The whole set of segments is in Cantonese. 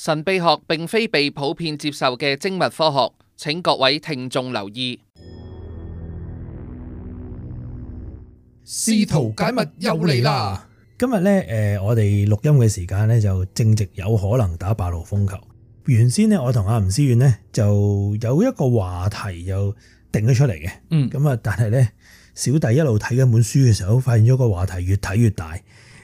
神秘學並非被普遍接受嘅精密科學，請各位聽眾留意。試圖解密又嚟啦！今日呢，誒，我哋錄音嘅時間呢，就正值有可能打八號風球。原先呢，我同阿吳思遠呢，就有一個話題又定咗出嚟嘅，嗯，咁啊，但係呢，小弟一路睇緊本書嘅時候，發現咗個話題越睇越大，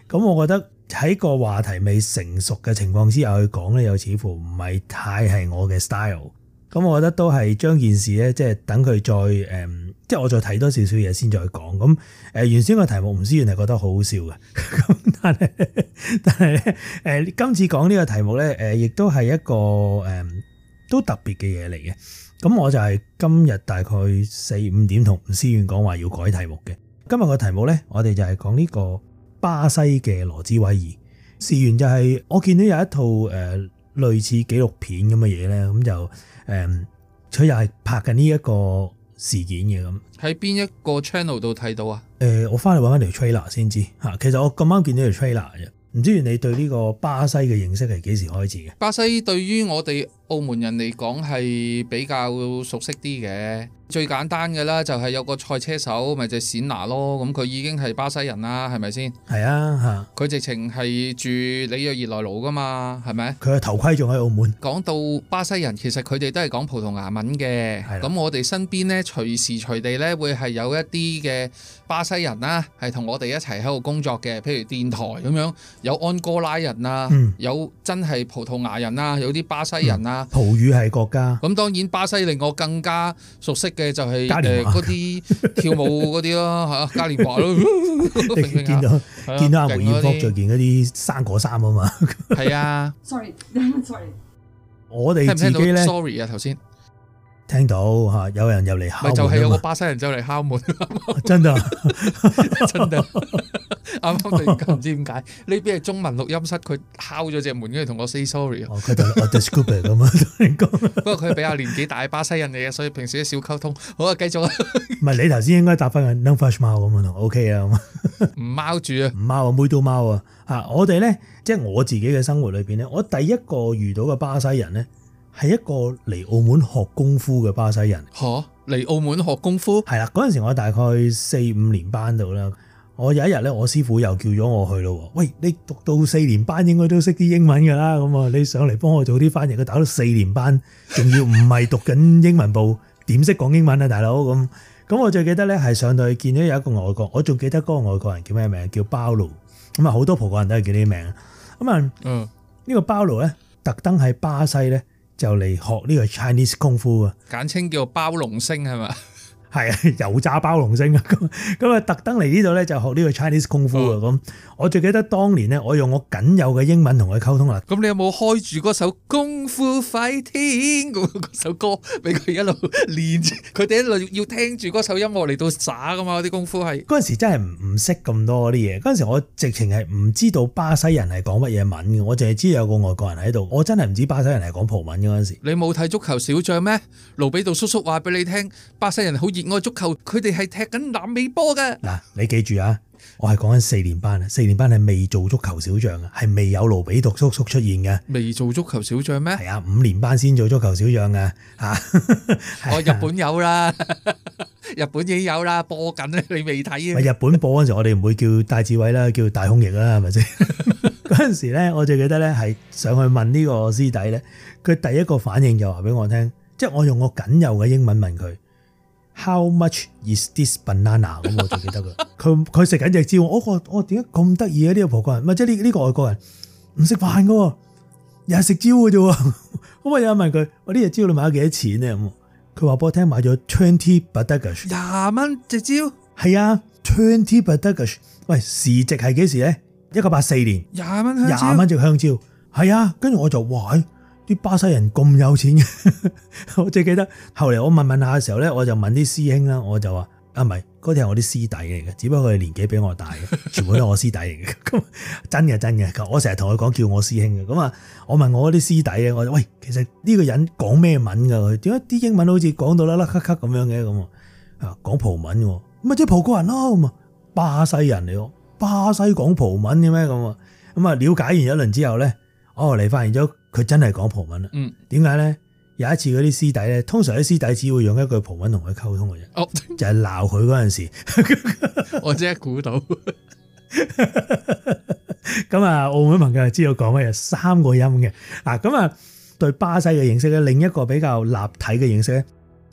咁我覺得。喺個話題未成熟嘅情況之下去講咧，又似乎唔係太係我嘅 style。咁我覺得都係將件事咧，即係等佢再誒、嗯，即係我再睇多少少嘢先，再講。咁、嗯、誒、呃，原先題、嗯呃、個題目吳思遠係覺得好好笑嘅，咁但係但係咧，誒今次講呢個題目咧，誒亦都係一個誒、嗯、都特別嘅嘢嚟嘅。咁、嗯、我就係今日大概四五點同吳思遠講話要改題目嘅。今日個題目咧，我哋就係講呢、這個。巴西嘅羅茲威爾，事源就係我見到有一套誒類似紀錄片咁嘅嘢咧，咁就誒佢又係拍緊呢一個事件嘅咁。喺邊一個 channel 度睇到啊、欸？我翻嚟揾翻條 trailer 先知嚇。其實我咁啱見到條 trailer 啫，唔知原來你對呢個巴西嘅認識係幾時開始嘅？巴西對於我哋，澳門人嚟講係比較熟悉啲嘅，最簡單嘅啦，就係有個賽車手，咪就係冼拿咯。咁佢已經係巴西人啦，係咪先？係啊，嚇！佢直情係住里約熱內盧噶嘛，係咪？佢嘅頭盔仲喺澳門。講到巴西人，其實佢哋都係講葡萄牙文嘅。咁的我哋身邊呢，隨時隨地呢，會係有一啲嘅巴西人啦，係同我哋一齊喺度工作嘅，譬如電台咁樣，有安哥拉人啊，嗯、有真係葡萄牙人啊，有啲巴西人啊。嗯葡語係國家，咁當然巴西令我更加熟悉嘅就係嗰啲跳舞嗰啲咯，吓嘉年華咯， 你見到見到阿、啊、梅艷芳着件嗰啲生果衫啊嘛，係些啊 ，sorry sorry， 我哋自己咧聽唔聽到，sorry 啊頭先。聽到吓，有人入嚟敲門。就係、是、有個巴西人走嚟敲門。 真噶的， 真噶，啱啱突然間唔知點解呢邊係中文錄音室，佢敲咗隻門跟住同我 say sorry。 哦，佢係 undercover 咁啊，不過佢係比較年紀大巴西人嚟嘅，所以平時都少溝通。好啊，繼續啊。唔係你頭先應該答翻個 No Flash 貓咁啊，OK 啊。唔貓住啊，唔貓啊，妹都貓啊。啊，我哋咧，即、就、係、是、我自己嘅生活裏邊咧，我第一個遇到嘅巴西人咧。係一個嚟澳門學功夫嘅巴西人。吓、啊，嚟澳門學功夫？係啦，嗰陣時候我大概四五年班度啦。我有一日咧，我師傅又叫咗我去咯。喂，你讀到四年班應該都識啲英文噶啦。咁啊，你上嚟幫我做啲翻譯。佢打到四年班，仲要唔係讀緊英文部，點識講英文啊，大佬？咁咁我最記得咧，係上到去見到有一個外國，我仲記得嗰個外國人叫咩名？叫包奴。咁啊，好多葡國人都係叫呢名。咁啊，嗯，呢個包奴咧，特登喺巴西咧。就嚟學呢個 Chinese 功夫啊，簡稱叫包龍星係嘛？係啊，油炸包龍星啊！咁咁啊，特登嚟呢度咧就學呢個 Chinese 功夫啊！咁我最記得當年咧，我用我僅有嘅英文同佢溝通啦。咁你有冇開住嗰首功？功夫快天嗰首歌俾佢一路練，佢 哋一路要聽住嗰首音樂嚟到耍噶嘛，啲功夫係嗰陣時真係唔唔識咁多啲嘢。嗰陣時我直情係唔知道巴西人係講乜嘢文嘅，我淨係知有個外國人喺度，我真係唔知巴西人係講葡文嗰陣時。你冇睇足球小將咩？盧比道叔叔話俾你聽，巴西人好熱愛足球，佢哋係踢緊南美波噶。嗱、啊，你記住啊！我係講緊四年班，四年班係未做足球小將嘅，係未有盧比讀叔叔出現嘅。未做足球小將咩？係啊，五年班先做足球小將嘅吓。我、哦、 的日本有啦，日本已經有啦，播緊啦，你未睇？啊，日本播嗰陣時，我哋唔會叫戴志偉啦，叫大空翼啦，係咪先？嗰陣 時咧，我就記得咧，係上去問呢個師弟咧，佢第一個反應就話俾我聽，即、就、係、是、我用我僅有嘅英文問佢。How much is this banana？咁 我就記得嘅，佢佢食緊隻蕉。我我我點解咁得意啊？呢個葡國人，唔係即係呢呢個外國人唔食飯嘅，日日食蕉嘅啫。咁我又問佢：我呢隻蕉你買咗幾多錢咧？咁佢話：俾我聽買咗 twenty birrages 廿蚊隻蕉。係啊，twenty birrages。喂，時值係幾時咧？一九八四年。廿蚊，廿蚊隻香蕉。係啊，跟住我就話。啲巴西人咁有錢嘅， 我最記得後嚟我問問下嘅時候咧，我就問啲師兄啦，我就話啊，唔係嗰啲係我啲師弟嚟嘅，只不過佢係年紀比我大嘅，全部都係我師弟嚟嘅，咁 真嘅真嘅，我成日同佢講叫我師兄嘅，咁啊，我問我啲師弟嘅，我就喂，其實呢個人講咩文㗎？點解啲英文好似講到甩甩咳咳咁樣嘅咁啊？講葡文喎，咪即係葡國人咯，咁啊，巴西人嚟喎，巴西講葡文嘅咩咁啊？咁啊，了解完一輪之後咧，我後嚟發現咗。佢真係講葡文啦。點解咧？有一次嗰啲師弟咧，通常啲師弟只會用一句葡文同佢溝通嘅啫，哦、就係鬧佢嗰陣時。我即係估到。咁啊，澳門朋友知道講乜嘢三個音嘅啊。咁、嗯、啊，對巴西嘅認識咧，另一個比較立體嘅認識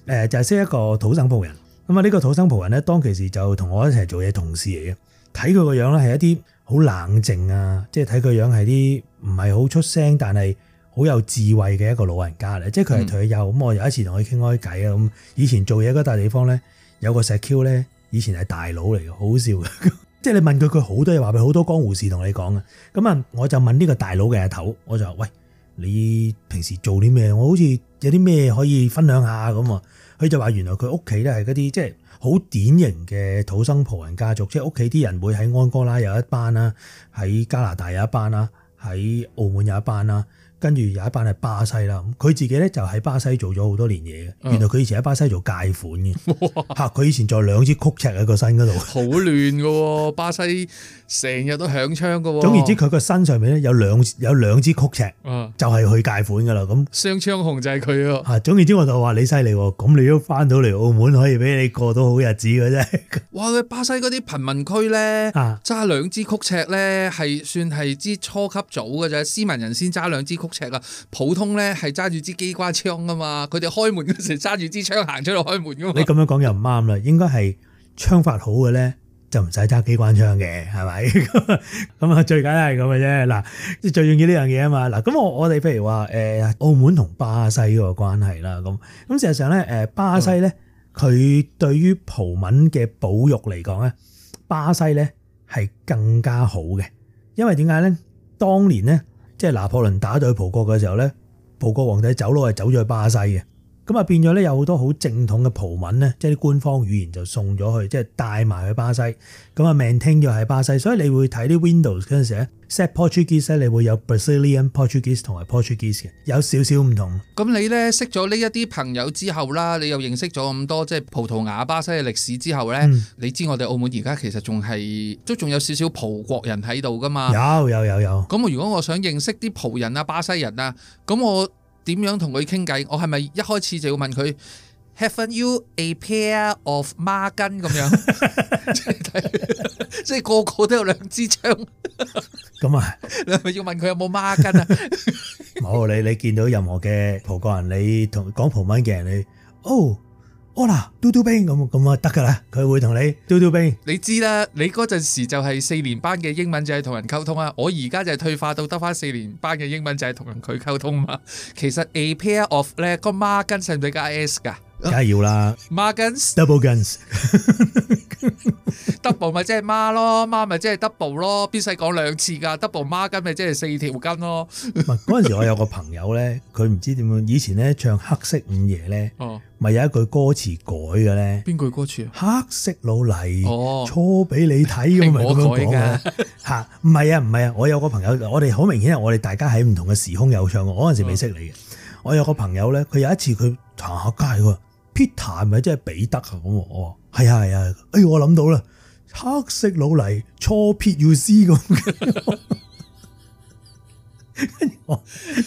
咧，誒就係、是、識一個土生葡人。咁啊，呢個土生葡人咧，當其時就同我一齊做嘢同事嚟嘅。睇佢個樣咧，係一啲好冷靜啊，即係睇佢樣係啲唔係好出聲，但係。好有智慧嘅一個老人家嚟，即係佢係退休。有咁、嗯，我有一次同佢傾開偈啊咁。以前做嘢嗰笪地方咧，有個石 Q 咧，以前係大佬嚟嘅，好笑嘅。 即係你問佢，佢好多嘢話，佢好多江湖事同你講啊。咁啊，我就問呢個大佬嘅阿頭，我就話，喂，你平時做啲咩？我好似有啲咩可以分享下咁啊？佢就話原來佢屋企咧係嗰啲即係好典型嘅土生葡人家族，即係屋企啲人會喺安哥拉有一班啦，喺加拿大有一班啦，喺澳門有一班啦。跟住有一班係巴西啦，佢自己咧就喺巴西做咗好多年嘢嘅。原來佢以前喺巴西做介款嘅，佢、嗯、以前就兩支曲尺喺個身嗰度，好亂㗎喎！ 巴西成日都響槍㗎喎。總言之，佢個身上面咧有兩有兩支曲尺就去，嗯、那就係去介款㗎啦。咁雙槍控就係佢啊。總總言之我就話你犀利喎，咁你都翻到嚟澳門可以俾你過到好日子嘅啫。哇！佢巴西嗰啲貧民區咧，揸、啊、兩支曲尺咧係算係支初級組嘅啫，斯文人先揸兩支曲尺。尺啊！普通咧係揸住支機關槍噶嘛，佢哋開門嗰時揸住支槍行出嚟開門噶你咁樣講又唔啱啦， 應該係槍法好嘅咧就唔使揸機關槍嘅，係咪？咁啊，最簡單係咁嘅啫。嗱，最重要呢樣嘢啊嘛。嗱，咁我我哋譬如話誒，澳門同巴西個關係啦，咁咁事實上咧，誒，巴西咧，佢對於葡文嘅保育嚟講咧，巴西咧係更加好嘅，因為點解咧？當年咧。即係拿破崙打到去葡國嘅時候咧，葡國皇帝走佬係走咗去巴西嘅。咁啊，變咗咧有好多好正統嘅葡文咧，即係啲官方語言就送咗去，即係帶埋去巴西，咁啊命聽咗係巴西，所以你會睇啲 Windows 嗰陣時 set Portuguese，你會有 Brazilian Portuguese 同埋 Portuguese 嘅，有少少唔同。咁你咧識咗呢一啲朋友之後啦，你又認識咗咁多即係葡萄牙、巴西嘅歷史之後咧，你知我哋澳門而家其實仲係都仲有少少葡國人喺度噶嘛？有有有有。咁如果我想認識啲葡人啊、巴西人啊，咁我。點樣同佢傾偈？我係咪一開始就要問佢 Haven't you a pair of 孖根咁樣？即 係 個個都有兩支槍咁 啊！ 你係咪要問佢有冇孖根啊？好，你，你見到任何嘅葡國人，你同講葡文嘅人，你哦。哦嗱，嘟嘟兵咁咁啊得噶啦，佢會同你嘟嘟兵。你知啦，你嗰陣時就係四年班嘅英文就係同人溝通啊，我而家就係退化到得翻四年班嘅英文就係同人佢溝通嘛。其實 a p a i r of 咧個 i n 上唔上加 s 噶？梗係要啦，n s,、uh, Mar double guns。 double 咪即係孖咯，孖咪即係 double 咯，必須講兩次噶。double 孖跟咪即係四條筋咯。嗰 陣時我有個朋友咧，佢唔知點樣，以前咧唱黑色午夜咧，咪、哦、有一句歌詞改嘅咧。邊句歌詞啊？黑色老泥哦，錯俾你睇咁咪咁樣講嘅吓，唔 係啊唔係啊。我有個朋友，我哋好明顯係我哋大家喺唔同嘅時空有唱。我嗰陣時未識你嘅，嗯、我有個朋友咧，佢有一次佢行下街的，佢 Peter 咪即係彼得啊咁係啊係啊，哎唷我諗到啦，黑色老泥錯撇要撕咁，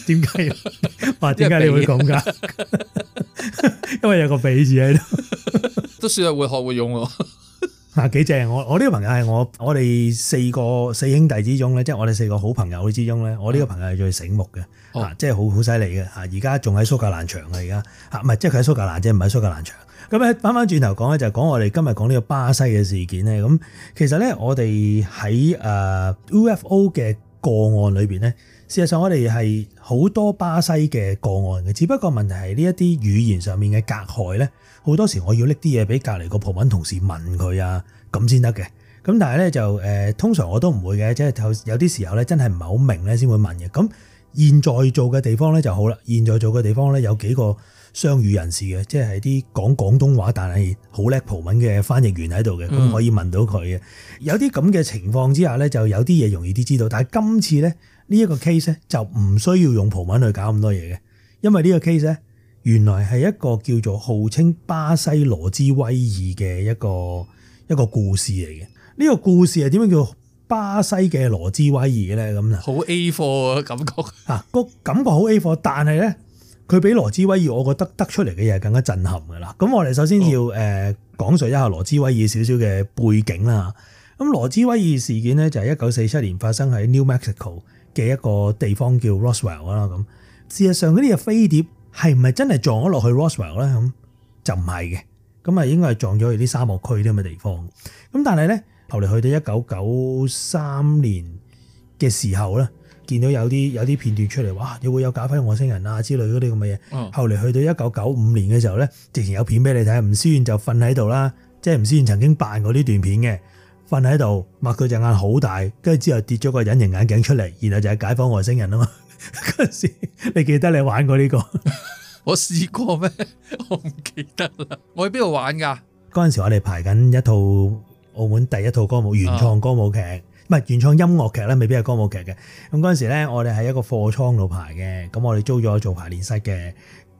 點解？ 話點解你會咁噶？ 因為有個肥字喺度，都算係會學會用咯。嗱，幾正，我我呢個朋友係我我哋四個四兄弟之中咧，即係我哋四個好朋友之中咧，我呢個朋友係最醒目嘅、哦啊，即係好好犀利嘅，而家仲喺蘇格蘭場啊，而家，唔係即係佢喺蘇格蘭啫，唔喺蘇格蘭場。咁咧翻翻轉頭講咧，就講我哋今日講呢個巴西嘅事件咧。咁其實咧，我哋喺誒 UFO 嘅。個案裏邊咧，事實上我哋係好多巴西嘅個案嘅，只不過問題係呢一啲語言上面嘅隔閡咧，好多時我要拎啲嘢俾隔籬個葡文同事問佢啊，咁先得嘅。咁但係咧就誒、呃，通常我都唔會嘅，即係有有啲時候咧，真係唔係好明咧，先會問嘅。咁現在做嘅地方咧就好啦，現在做嘅地方咧有幾個雙語人士嘅，即係啲講廣東話但係好叻葡文嘅翻譯員喺度嘅，咁、嗯、可以問到佢嘅。有啲咁嘅情況之下呢，就有啲嘢容易啲知道。但係今次呢，呢一個 case 呢，就唔需要用葡文去搞咁多嘢嘅，因為呢個 case 呢，原來係一個叫做號稱巴西羅茲威爾嘅一個一個故事嚟嘅。呢、呢個故事係點樣叫巴西嘅羅茲威爾呢？咁啊，好 A 貨感覺啊，個感覺好 A 貨，但係呢。佢比羅茲威爾我覺得得出嚟嘅嘢更加震撼噶啦。咁我哋首先要誒講述一下羅茲威爾少少嘅背景啦。咁羅茲威爾事件呢，就係一九四七年發生喺 New Mexico 嘅一個地方叫 Roswell 啦。咁事實上嗰啲嘅飛碟係唔係真係撞咗落去 Roswell 咧？咁就唔係嘅。咁啊應該係撞咗去啲沙漠區啲咁嘅地方。咁但係呢，後嚟去到一九九三年嘅時候呢。見到有啲有啲片段出嚟，哇！又會有解放外星人啊之類嗰啲咁嘅嘢。嗯、後嚟去到一九九五年嘅時候咧，直情有片俾你睇，吳思遠就瞓喺度啦。即係吳思遠曾經扮過呢段片嘅，瞓喺度，擘佢隻眼好大，跟住之後跌咗個隱形眼鏡出嚟，然後就係解放外星人啊嘛。嗰 陣時你記得你玩過呢、這個？我試過咩？我唔記得啦。我喺邊度玩噶？嗰陣時候我哋排緊一套澳門第一套歌舞原創歌舞劇。啊唔係原創音樂劇咧，未必係歌舞劇嘅。咁嗰陣時咧，我哋喺一個貨倉度排嘅，咁我哋租咗做排練室嘅，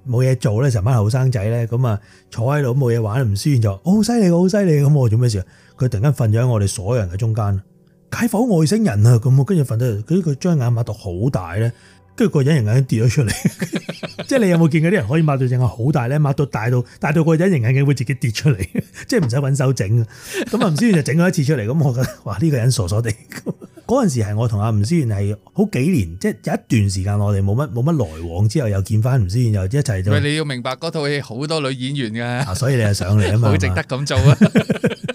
冇嘢做咧，成班後生仔咧，咁啊坐喺度冇嘢玩，唔舒然就好犀利，好犀利咁，我做咩事？佢突然間瞓咗喺我哋所有人嘅中間，解剖外星人啊！咁我跟住瞓到佢佢張眼擘到好大咧。跟住個隱形眼鏡跌咗出嚟，即係 你有冇見過啲人可以抹到隻眼好大咧？抹到大到大到個隱形眼鏡會自己跌出嚟，即係唔使揾手整嘅。咁啊，吳思遠就整咗一次出嚟，咁我覺得哇，呢、這個人傻傻地。嗰 陣時係我同阿吳思遠係好幾年，即、就、係、是、有一段時間我哋冇乜冇乜來往，之後又見翻吳思遠又一齊。喂，你要明白嗰套戲好多女演員㗎。所以你係上嚟啊嘛，好 值得咁做啊！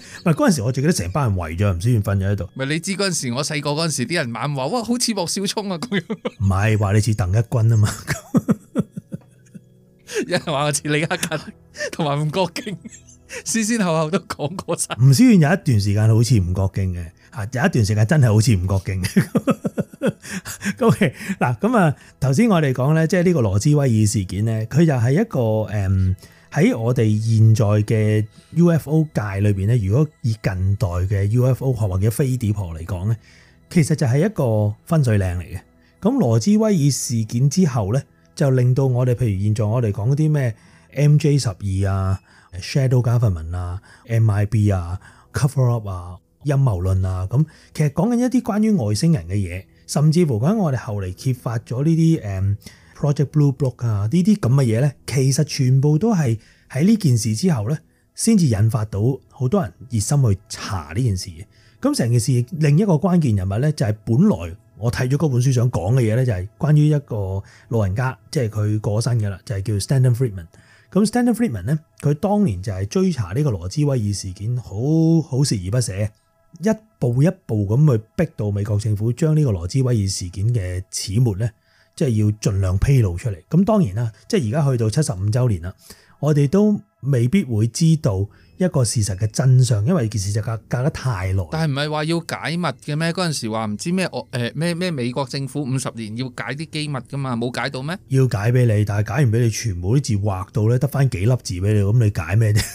咪嗰陣時，我仲記得成班人圍咗吳思遠瞓咗喺度。咪你知嗰陣時，我細個嗰陣時啲人猛話哇，好似莫少聰啊咁樣。唔係，話你似鄧一軍啊嘛。有人話我似李克勤，同埋吳國敬，先先後後都講過晒。吳思遠有一段時間好似吳國敬嘅，吓有一段時間真係好似吳國敬。OK 咁，嗱咁啊，頭先我哋講咧，即係呢個羅茲威爾事件咧，佢又係一個誒。嗯喺我哋現在嘅 UFO 界裏邊，咧，如果以近代嘅 UFO 學或者飛碟學嚟講咧，其實就係一個分水嶺嚟嘅。咁羅茲威爾事件之後咧，就令到我哋譬如現在我哋講嗰啲咩 MJ 十二啊、12, Shadow Government 啊 MI、MIB 啊、Cover Up 啊、陰謀論啊，咁其實講緊一啲關於外星人嘅嘢，甚至乎講我哋後嚟揭發咗呢啲誒 Project Blue Book 啊，呢啲咁嘅嘢咧，其實全部都係喺呢件事之後咧，先至引發到好多人熱心去查呢件事嘅。咁成件事另一個關鍵人物咧，就係本來我睇咗嗰本書想講嘅嘢咧，就係關於一個老人家，即係佢過身嘅啦，就係叫 Stanton Friedman。咁 Stanton Friedman 咧，佢當年就係追查呢個羅茲威爾事件，好好鍥而不捨，一步一步咁去逼到美國政府將呢個羅茲威爾事件嘅始末咧。即係要盡量披露出嚟。咁當然啦，即係而家去到七十五週年啦，我哋都未必會知道一個事實嘅真相，因為件事就隔隔咗太耐。但係唔係話要解密嘅咩？嗰陣時話唔知咩誒咩咩美國政府五十年要解啲機密噶嘛，冇解到咩？要解俾你，但係解完俾你，全部啲字畫到咧，得翻，幾粒字俾你，咁你解咩啫？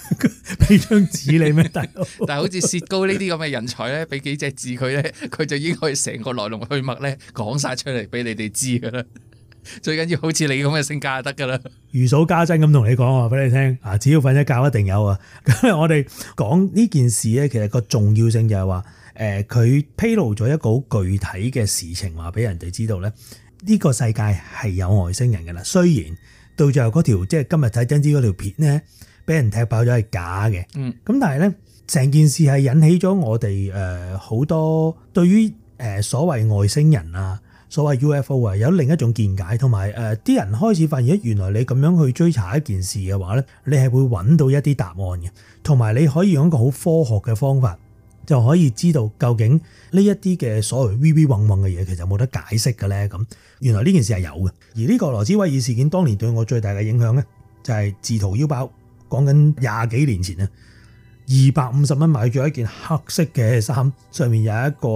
俾張紙你咩？ 但係但係好似薛高呢啲咁嘅人才咧，俾幾隻字佢咧，佢就應該成個來龍去脈咧講晒出嚟俾你哋知噶啦。最緊要好似你咁嘅性格就得噶啦，如數家珍咁同你講話俾你聽，啊只要瞓一覺一定有啊。咁 我哋講呢件事咧，其實個重要性就係、是、話，誒、呃、佢披露咗一個好具體嘅事情，話俾人哋知道咧，呢、這個世界係有外星人㗎啦。雖然到最後嗰條即係今日睇真啲嗰條片咧，俾人踢爆咗係假嘅，嗯，咁但係咧成件事係引起咗我哋誒好多對於誒、呃、所謂外星人啊。所謂 UFO 啊，有另一種見解，同埋誒啲人開始發現原來你咁樣去追查一件事嘅話呢，你係會揾到一啲答案嘅，同埋你可以用一個好科學嘅方法，就可以知道究竟呢一啲嘅所謂烏烏嗡嗡嘅嘢，其實冇得解釋嘅呢，咁原來呢件事係有嘅。而呢個羅茲威爾事件，當年對我最大嘅影響呢，就係自掏腰包，講緊廿幾年前咧，二百五十蚊買咗一件黑色嘅衫，上面有一個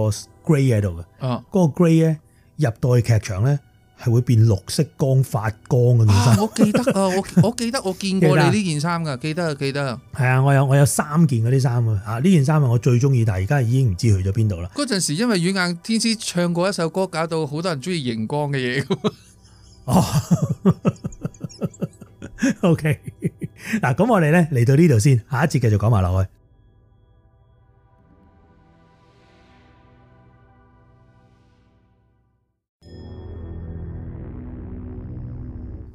grey 喺度嘅，啊，嗰個 grey 呢。入到去劇場咧，係會變綠色光發光嘅件衫。我記得啊，我我記得我見過你呢件衫噶，記得啊，記得。係啊，我有我有三件嗰啲衫啊，吓呢件衫啊，我最中意，但係而家已經唔知去咗邊度啦。嗰陣時因為軟硬天師唱過一首歌，搞到好多人中意熒光嘅嘢。哦 ，OK，嗱，咁我哋咧，嚟到呢度先，下一節繼續講埋落去。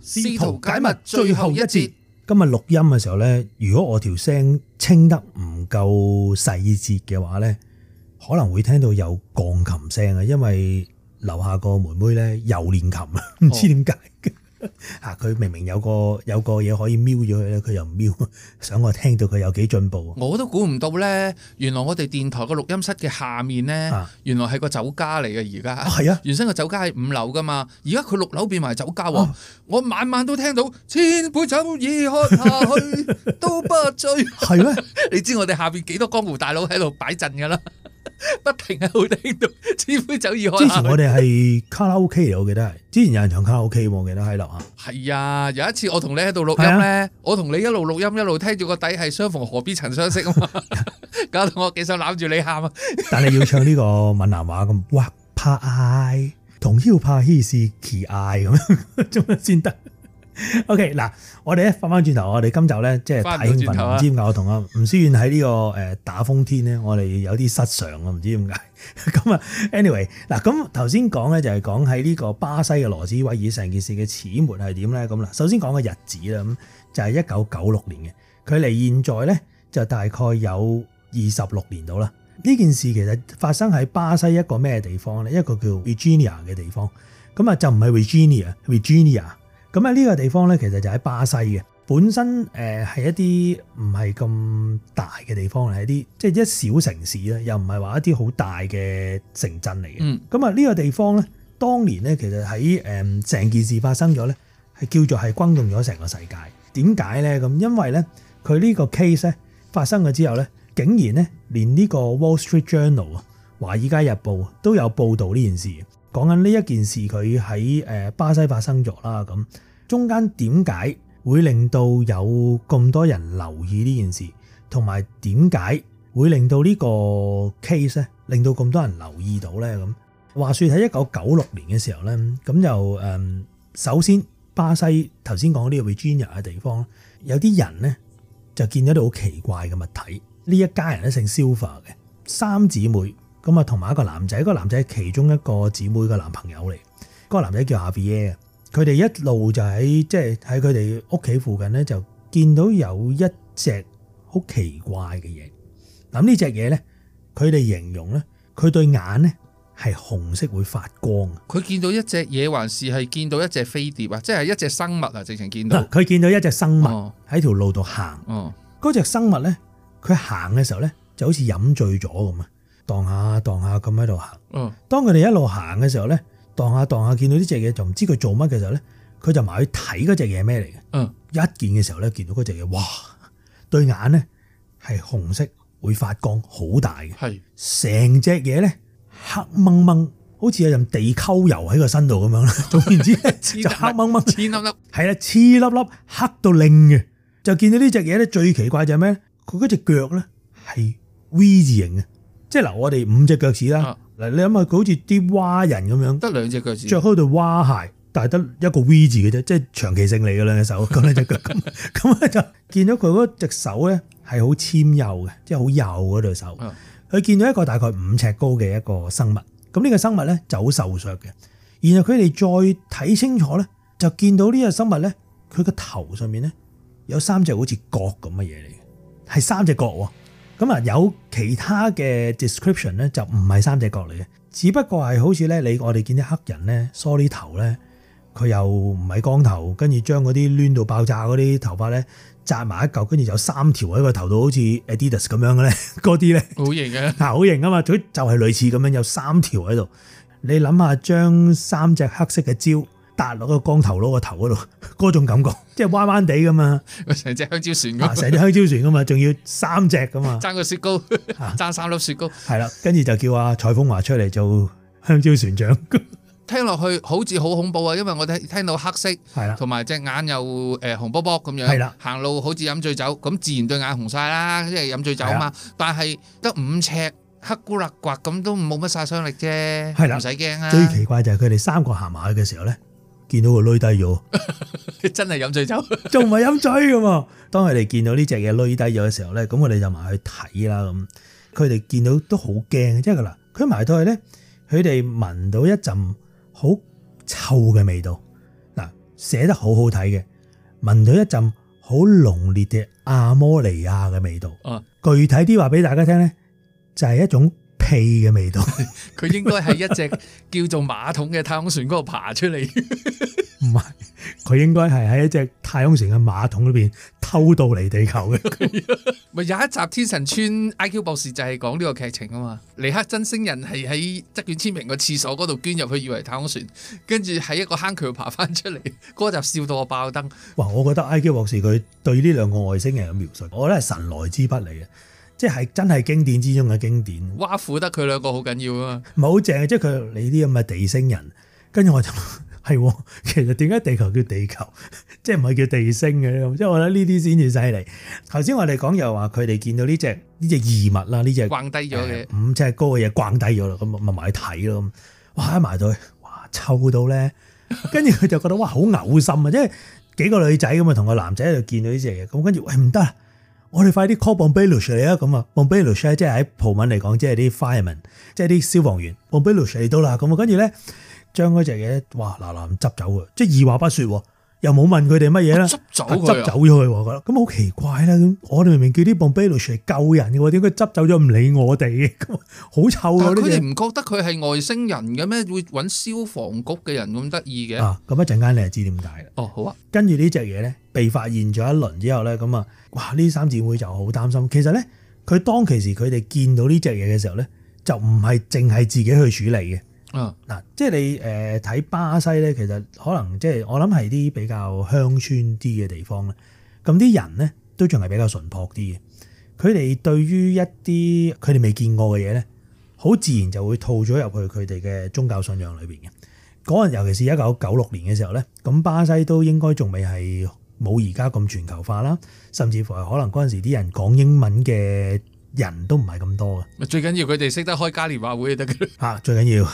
師徒解密最後一節，今日錄音嘅時候呢，如果我條聲清得唔夠細節嘅話呢，可能會聽到有鋼琴聲啊，因為樓下個妹妹呢又練琴啊，唔、哦、知點解。啊！佢明明有個有個嘢可以瞄咗佢咧，佢又唔瞄，想我聽到佢有幾進步。我都估唔到咧，原來我哋電台個錄音室嘅下面咧，啊、原來係個酒家嚟嘅。而家係啊，啊原生個酒家喺五樓噶嘛，而家佢六樓變埋酒家。啊、我晚晚都聽到千杯酒，二喝下去 都不醉。係咩嗎？ 你知我哋下邊幾多江湖大佬喺度擺陣噶啦。不停喺度聽到《似杯酒》要開。之前我哋係卡拉 OK 我記得係。之前有人唱卡拉 OK 我記得喺度吓。係啊，有一次我同你喺度錄音咧，是啊、我同你一路錄音一路聽住個底係“相逢何必曾相識”啊嘛， 搞到我幾想攬住你喊啊！但係要唱呢個閩南話咁， 哇怕嗌，同要怕稀是奇嗌咁樣，做乜先得。O.K. 嗱，我哋咧翻翻轉頭，我哋今集咧即係太興奮唔知點解，我同阿吳思遠喺呢個誒打風天咧，我哋有啲失常啊，唔知點解。咁 啊，Anyway，嗱，咁頭先講咧就係講喺呢個巴西嘅羅斯威爾成件事嘅始末係點咧？咁啦，首先講個日子啦，咁就係一九九六年嘅，距離現在咧就大概有二十六年到啦。呢件事其實發生喺巴西一個咩地方咧？一個叫 Virginia 嘅地方，咁啊就唔係 Virginia，Virginia。咁啊呢個地方咧，其實就喺巴西嘅，本身誒係一啲唔係咁大嘅地方嚟，一啲即係一小城市啦，又唔係話一啲好大嘅城鎮嚟嘅。嗯，咁啊呢個地方咧，當年咧其實喺誒成件事發生咗咧，係叫做係轟動咗成個世界。點解咧？咁因為咧佢呢個 case 咧發生咗之後咧，竟然咧連呢個 Wall Street Journal 啊，《華爾街日報》都有報導呢件事。講緊呢一件事，佢喺誒巴西發生咗啦，咁中間點解會令到有咁多人留意呢件事，同埋點解會令到呢個 case 咧，令到咁多人留意到咧？咁話說喺一九九六年嘅時候咧，咁就誒首先巴西頭先講呢個 Varginha 嘅地方，有啲人咧就見到啲好奇怪嘅物體，呢一家人咧姓 Silva 嘅，三姊妹。咁啊，同埋一個男仔，嗰、那個男仔係其中一個姊妹嘅男朋友嚟。嗰、那個男仔叫阿皮耶嘅，佢哋一路就喺即係喺佢哋屋企附近咧，就見到有一隻好奇怪嘅嘢。嗱呢隻嘢咧，佢哋形容咧，佢對眼咧係紅色，會發光。佢見到一隻嘢，還是係見到一隻飛碟啊？即係一隻生物啊？直情見到。佢、啊、見到一隻生物喺條路度行。嗰隻、哦、生物咧，佢行嘅時候咧，就好似飲醉咗咁啊！蕩下蕩下咁喺度行，嗯，當佢哋一路行嘅時候咧，蕩下蕩下見到呢隻嘢就唔知佢做乜嘅時候咧，佢就埋去睇嗰隻嘢咩嚟嘅？嗯，一見嘅時候咧，見到嗰隻嘢，哇！對眼咧係紅色，會發光，好大嘅。係成隻嘢咧黑掹掹，好似有陣地溝油喺個身度咁樣啦。的總言之，就黑掹掹，黐粒粒，係啦，黐粒粒黑到靚嘅。就見到呢隻嘢咧最奇怪就係咩咧？佢嗰隻腳咧係 V 字形嘅。即係嗱，我哋五隻腳趾啦。嗱、啊，你諗下佢好似啲蛙人咁樣，得兩隻腳趾，着開對蛙鞋，但係得一個 V 字嘅啫，即係長期性嚟嘅兩隻手、兩隻腳咁。咁咧就見到佢嗰隻手咧係好纖幼嘅，即係好幼嗰對手。佢見到一個大概五尺高嘅一個生物。咁、這、呢個生物咧就好瘦削嘅。然後佢哋再睇清楚咧，就見到呢個生物咧，佢個頭上面咧有三隻好似角咁嘅嘢嚟嘅，係三隻角喎。咁啊，有其他嘅 description 咧，就唔係三隻角嚟嘅，只不過係好似咧，你我哋見啲黑人咧，梳啲頭咧，佢又唔係光頭，跟住將嗰啲攣到爆炸嗰啲頭髮咧，紮埋一嚿，跟住有三條喺個頭度，好似 Adidas 咁樣嘅咧，嗰啲咧，好型嘅嗱好型啊嘛， 就係類似咁樣有三條喺度，你諗下將三隻黑色嘅蕉。搭落個光頭佬個頭嗰度，嗰種感覺，即係彎彎地㗎嘛，成隻香蕉船，成隻香蕉船㗎嘛，仲要三隻㗎嘛，爭個雪糕，爭三粒雪糕，係啦，跟住就叫阿蔡風華出嚟做香蕉船長。聽落去好似好恐怖啊，因為我聽聽到黑色，係啦，同埋隻眼又誒紅卜卜咁樣，係啦，行路好似飲醉酒，咁自然對眼紅曬啦，即係飲醉酒啊嘛，但係得五尺黑咕嚕掘咁都冇乜殺傷力啫，係啦，唔使驚啊。最奇怪就係佢哋三個行埋去嘅時候咧。見到佢攣低咗， 真係飲醉酒，仲唔係飲醉噶嘛？當佢哋見到呢隻嘢攣低咗嘅時候咧，咁我哋就埋去睇啦。咁佢哋見到都好驚，即係嗱，佢埋到去咧，佢哋聞到一陣好臭嘅味道。嗱，寫得好好睇嘅，聞到一陣好濃烈嘅阿摩尼亞嘅味道。具體啲話俾大家聽咧，就係一種氣嘅味道，佢 應該係一隻叫做馬桶嘅太空船嗰度爬出嚟。 唔係，佢應該係喺一隻太空船嘅馬桶裏邊偷渡嚟地球嘅。咪有一集《天神村 I Q 博士》就係講呢個劇情啊嘛。尼克真星人係喺則卷千兵衛個廁所嗰度捐入去，以為太空船，跟住喺一個坑渠爬翻出嚟。嗰集笑到我爆燈。哇，我覺得 I Q 博士佢對呢兩個外星人嘅描述，我覺得係神來之筆嚟嘅。即係真係經典之中嘅經典，哇，苦得佢兩個好緊要啊！唔係好正，即係佢你啲咁嘅地星人，跟住我就係，其實點解地球叫地球，即係唔係叫地星嘅，即係我覺得呢啲先至犀利。頭先我哋講又話佢哋見到呢隻呢隻異物啦，呢隻橫低咗嘅五尺高嘅嘢橫低咗啦，咁咪埋去睇咯。哇！埋到哇，臭到咧，跟住佢就覺得哇好嘔心啊！即係幾個女仔咁啊，同個男仔喺度見到呢隻嘢，咁跟住喂唔得。我哋快啲 call bombaylush 嚟啊咁啊，bombaylush 咧即係喺葡文嚟講，即係啲 fireman，即係啲消防員。bombaylush 嚟到啦，咁啊跟住咧，將嗰隻嘢哇嗱嗱咁執走啊！即係二話不說。又冇問佢哋乜嘢啦，執、啊、走佢，執走咗佢喎，我覺得咁好奇怪啦！我哋明明叫啲 bombeiros 嚟救人嘅喎，點解執走咗唔理我哋嘅？好 臭！佢哋唔覺得佢係外星人嘅咩？會揾消防局嘅人咁得意嘅？咁、啊、一陣間你就知點解啦。哦，好啊。跟住呢隻嘢咧，被發現咗一輪之後咧，咁啊，哇！呢三字會就好擔心。其實咧，佢當其時佢哋見到呢隻嘢嘅時候咧，就唔係淨係自己去處理嘅。啊嗱，嗯、即係你睇巴西咧，其實可能即係我諗係啲比較鄉村啲嘅地方咧，咁啲人咧都仲係比較淳樸啲嘅，佢哋對於一啲佢哋未見過嘅嘢咧，好自然就會套咗入去佢哋嘅宗教信仰裏面嘅。嗰陣尤其是一九九六年嘅時候咧，咁巴西都應該仲未係冇而家咁全球化啦，甚至乎係可能嗰時啲人講英文嘅。人都唔係咁多嘅、啊，最緊要佢哋識得開嘉年華會就得嘅。最緊要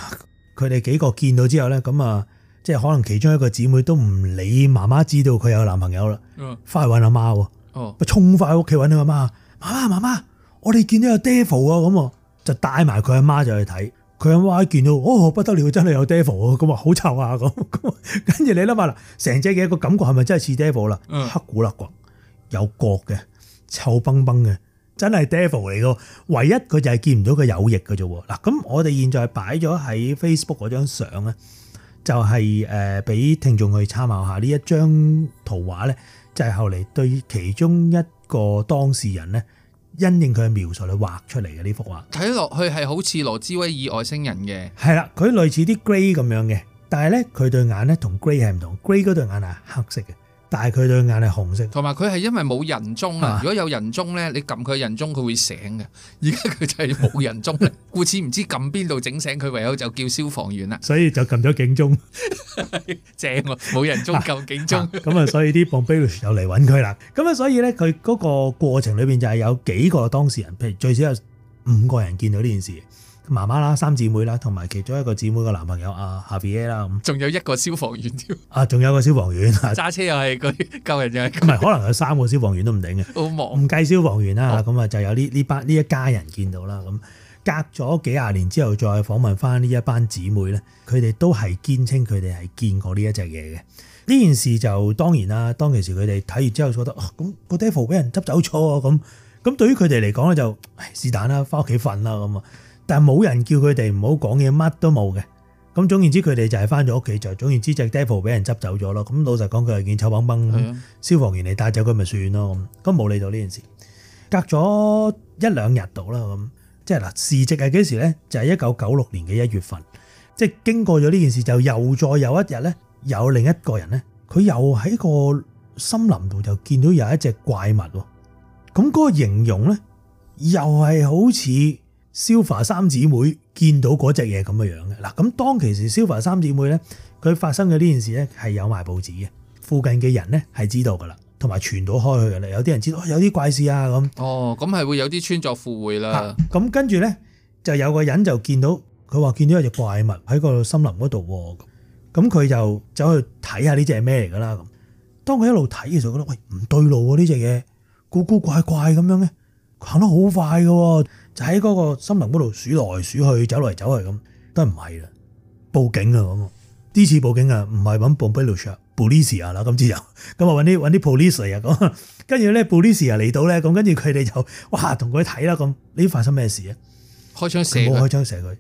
佢哋幾個見到之後咧，咁啊，即係可能其中一個姊妹都唔理媽媽知道佢有男朋友啦，翻去揾阿媽喎，咪衝快屋企揾佢阿媽，媽媽、啊、媽媽，我哋見到有 devil 啊，咁就帶埋佢阿媽就去睇，佢阿媽見到哦，不得了，真係有 devil 啊，咁啊好臭啊咁，跟住你諗下嗱，成隻嘅個感覺係咪真係似 devil 啦？嗯、黑古立骨，有角嘅，臭崩崩嘅。真係 devil 嚟咯，唯一佢就係見唔到佢有翼嘅啫喎。嗱，咁我哋現在擺咗喺 Facebook 嗰張相咧，就係誒俾聽眾去參考下呢一張圖畫咧，就係、是、後嚟對其中一個當事人咧，因應佢嘅描述去畫出嚟嘅呢幅畫。睇落去係好似羅茲威爾外星人嘅，係啦，佢類似啲 grey 咁樣嘅，但係咧佢對眼咧同 grey 係唔同，grey 嗰對眼係黑色嘅。但係佢對眼係紅色，同埋佢係因為冇人鐘啊！如果有人鐘咧，你撳佢人鐘佢會醒嘅。而家佢就係冇人鐘，人鐘 故此唔知撳邊度整醒佢，唯有就叫消防員啦。所以就撳咗警鐘，正冇人鐘撳警鐘。咁啊，所以啲 bombay 又嚟揾佢啦。咁啊，所以咧佢嗰個過程裏邊就係有幾個當事人，譬如最少有五個人見到呢件事。媽媽啦，三姊妹啦，同埋其中一個姊妹嘅男朋友啊夏 a p a 啦咁，仲有一個消防員添啊，仲有一個消防員揸車又係佢救人嘅，唔係可能有三個消防員都唔定嘅，好忙唔計消防員啦，咁啊、哦、就有呢呢班呢一家人見到啦，咁隔咗幾廿年之後再訪問翻呢一班姊妹咧，佢哋都係堅稱佢哋係見過呢一隻嘢嘅。呢件事就當然啦，當其時佢哋睇完之後覺得，咁、那個 devil 俾人執走錯咁，咁對於佢哋嚟講咧就，唉，是但啦，翻屋企瞓啦咁啊。但係冇人叫佢哋唔好講嘢，乜都冇嘅。咁總言之，佢哋就係翻咗屋企。就總言之，隻 devil 俾人執走咗咯。咁老實講，佢係見臭崩崩消防員嚟帶走佢咪算咯。咁冇理到呢件事。隔咗一兩日到啦。咁即係嗱，時值係幾時咧？就係一九九六年嘅一月份。即係經過咗呢件事，就又再有一日咧，有另一個人咧，佢又喺個森林度就見到有一隻怪物。咁嗰個形容咧，又係好似。Sofa 三姊妹見到嗰隻嘢咁嘅樣嘅，嗱，咁當其時 Sofa 三姊妹咧，佢發生嘅呢件事咧係有賣報紙嘅，附近嘅人咧係知道嘅啦，同埋傳到開去嘅啦，有啲人知道有啲怪事啊咁。哦，咁係會有啲穿鑿附會啦。咁跟住咧就有個人就見到佢話見到有隻怪物喺個森林嗰度，咁咁佢就走去睇下呢隻係咩嚟噶啦。咁當佢一路睇嘅時候覺得喂，唔對路喎，呢隻嘢古古怪怪咁樣嘅，行得好快嘅喎。就喺嗰個森林嗰度，鼠來鼠去，走嚟走去咁都唔係啦。報警啊咁，呢次報警啊唔係揾 bomb disposal police 啊啦，今次又咁啊揾啲啲 police 嚟啊咁。跟住咧 police 啊嚟到咧，咁跟住佢哋就哇同佢睇啦咁，呢發生咩事啊？開槍射佢，冇開槍射佢。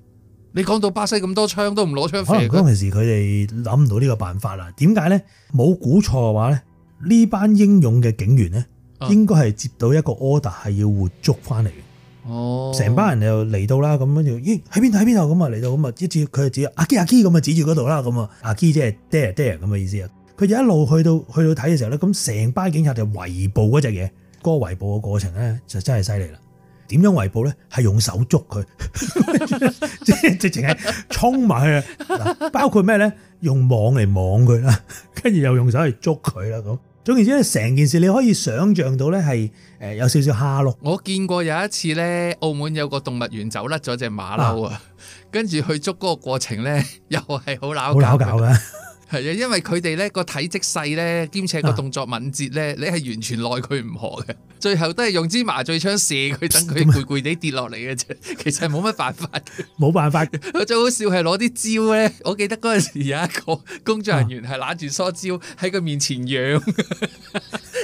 你講到巴西咁多槍都唔攞槍射，可能嗰陣時佢哋諗唔到呢個辦法啦。點解咧？冇估錯嘅話咧，呢班英勇嘅警員咧應該係接到一個 order 係要活捉翻嚟。哦，成班人就嚟到啦，咁樣就咦喺邊度喺邊度咁啊嚟到咁啊，一次佢就指阿基阿基咁啊指住嗰度啦，咁啊阿基即係爹爹咁嘅意思啊，佢就一路去到去到睇嘅時候咧，咁成班警察就圍捕嗰隻嘢，嗰個圍捕嘅過程咧就真係犀利啦。點樣圍捕咧？係用手捉佢，即係 直情係衝埋去，包括咩咧？用網嚟網佢啦，跟住又用手嚟捉佢啦咁。總之咧，成件事你可以想象到咧，係誒有少少蝦碌。我見過有一次咧，澳門有個動物園走甩咗隻馬騮啊，跟住去捉嗰個過程咧，又係好搞好搞嘅。係啊，因為佢哋咧個體積細咧，兼且個動作敏捷咧，你係完全奈佢唔何嘅。最後都係用支麻醉槍射佢，等佢攰攰地跌落嚟嘅啫。其實冇乜辦法，冇辦法。最好笑係攞啲蕉咧，我記得嗰陣時有一個工作人員係攋住梳蕉喺佢面前養，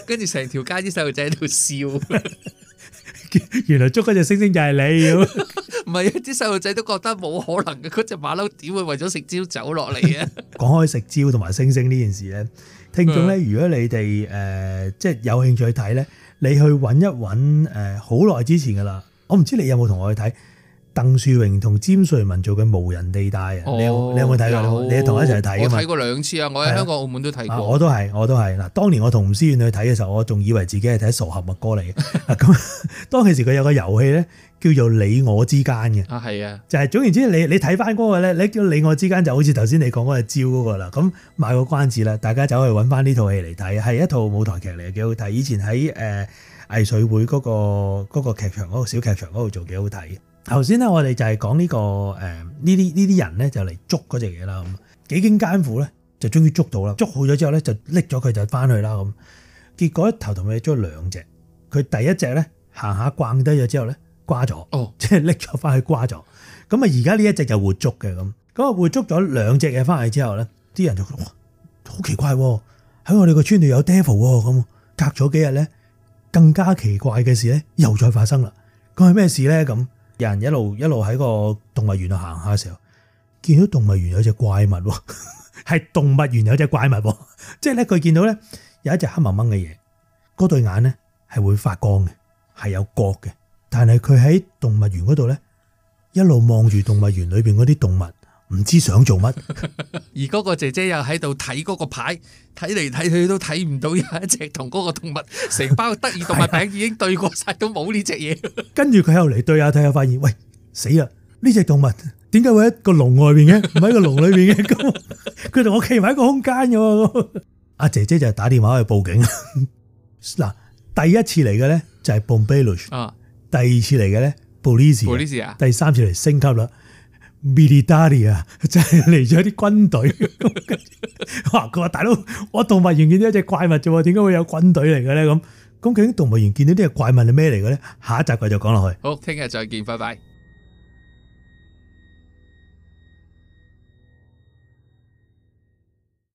跟住成條街啲細路仔喺度笑。 原來捉嗰隻星星就係你、 啊，唔係啲細路仔都覺得冇可能嘅，嗰隻馬騮點會為咗食蕉走落嚟啊？講開 食蕉同埋星星呢件事咧，聽眾咧，如果你哋誒即係有興趣去睇咧，你去搵一搵誒，好耐之前噶啦，我唔知你有冇同我去睇。鄧樹榮同詹瑞文做嘅無人地帶，你、哦、你有冇睇噶？有你係同我一齊睇啊嘛！我睇過兩次啊，我喺香港、澳門都睇過。我都係，我都係。嗱，當年我同吳思遠去睇嘅時候，我仲以為自己係睇傻合物歌嚟。咁， 當其時佢有個遊戲咧，叫做你我之間嘅。啊，係啊，就係總言之你，你你睇翻嗰個咧，你叫、那個、你我之間就好似頭先你講嗰個招嗰、那個啦。咁賣個關子啦，大家走去揾翻呢套戲嚟睇，係一套舞台劇嚟，嘅，幾好睇。以前喺誒藝穗會嗰、那個嗰、那個劇場嗰、那個小劇場嗰度做，幾好睇。頭先咧，我哋就係講、這個呃、呢個誒呢啲呢啲人咧，就嚟捉嗰隻嘢啦。咁幾經艱苦咧，就終於捉到啦。捉好咗之後咧，就拎咗佢就翻去啦。咁結果一頭同尾捉兩隻，佢第一隻咧行下逛低咗之後咧，瓜咗，哦、即係拎咗翻去瓜咗。咁啊，而家呢一隻就活捉嘅咁。咁啊，活捉咗兩隻嘢翻去之後咧，啲人就話好奇怪喎、哦，喺我哋個村度有 devil 喎、哦。咁隔咗幾日咧，更加奇怪嘅事咧又再發生啦。佢係咩事咧咁？有人一路一路喺個動物園度行下嘅時候，見到動物園有隻怪物，係動物園有隻怪物，即係咧佢見到咧有一隻黑掹掹嘅嘢，對眼咧係會發光嘅，係有角嘅，但係佢喺動物園度咧一路望住動物園裏邊啲動物。唔知想做乜， 而嗰個姐姐又喺度睇嗰個牌，睇嚟睇去都睇唔到有一隻同嗰個動物成包得意動物餅已經對過晒 都冇呢隻嘢。跟住佢又嚟對下睇下，發現喂，死啦！呢隻動物點解會喺個籠外邊嘅，唔喺 個籠裏邊嘅？佢佢同我企埋一個空間嘅。阿 姐姐就打電話去報警。嗱， 第一次嚟嘅咧就係 bombay 路啊，第二次嚟嘅咧 police，police 啊，第三次嚟升級啦。Military 啊，即係嚟咗啲軍隊。哇！ 佢話大佬，我動物園見到一隻怪物啫，點解會有軍隊嚟嘅咧？咁咁究竟動物園見到呢隻怪物係咩嚟嘅咧？下一集繼續講落去。好，聽日再見，拜拜。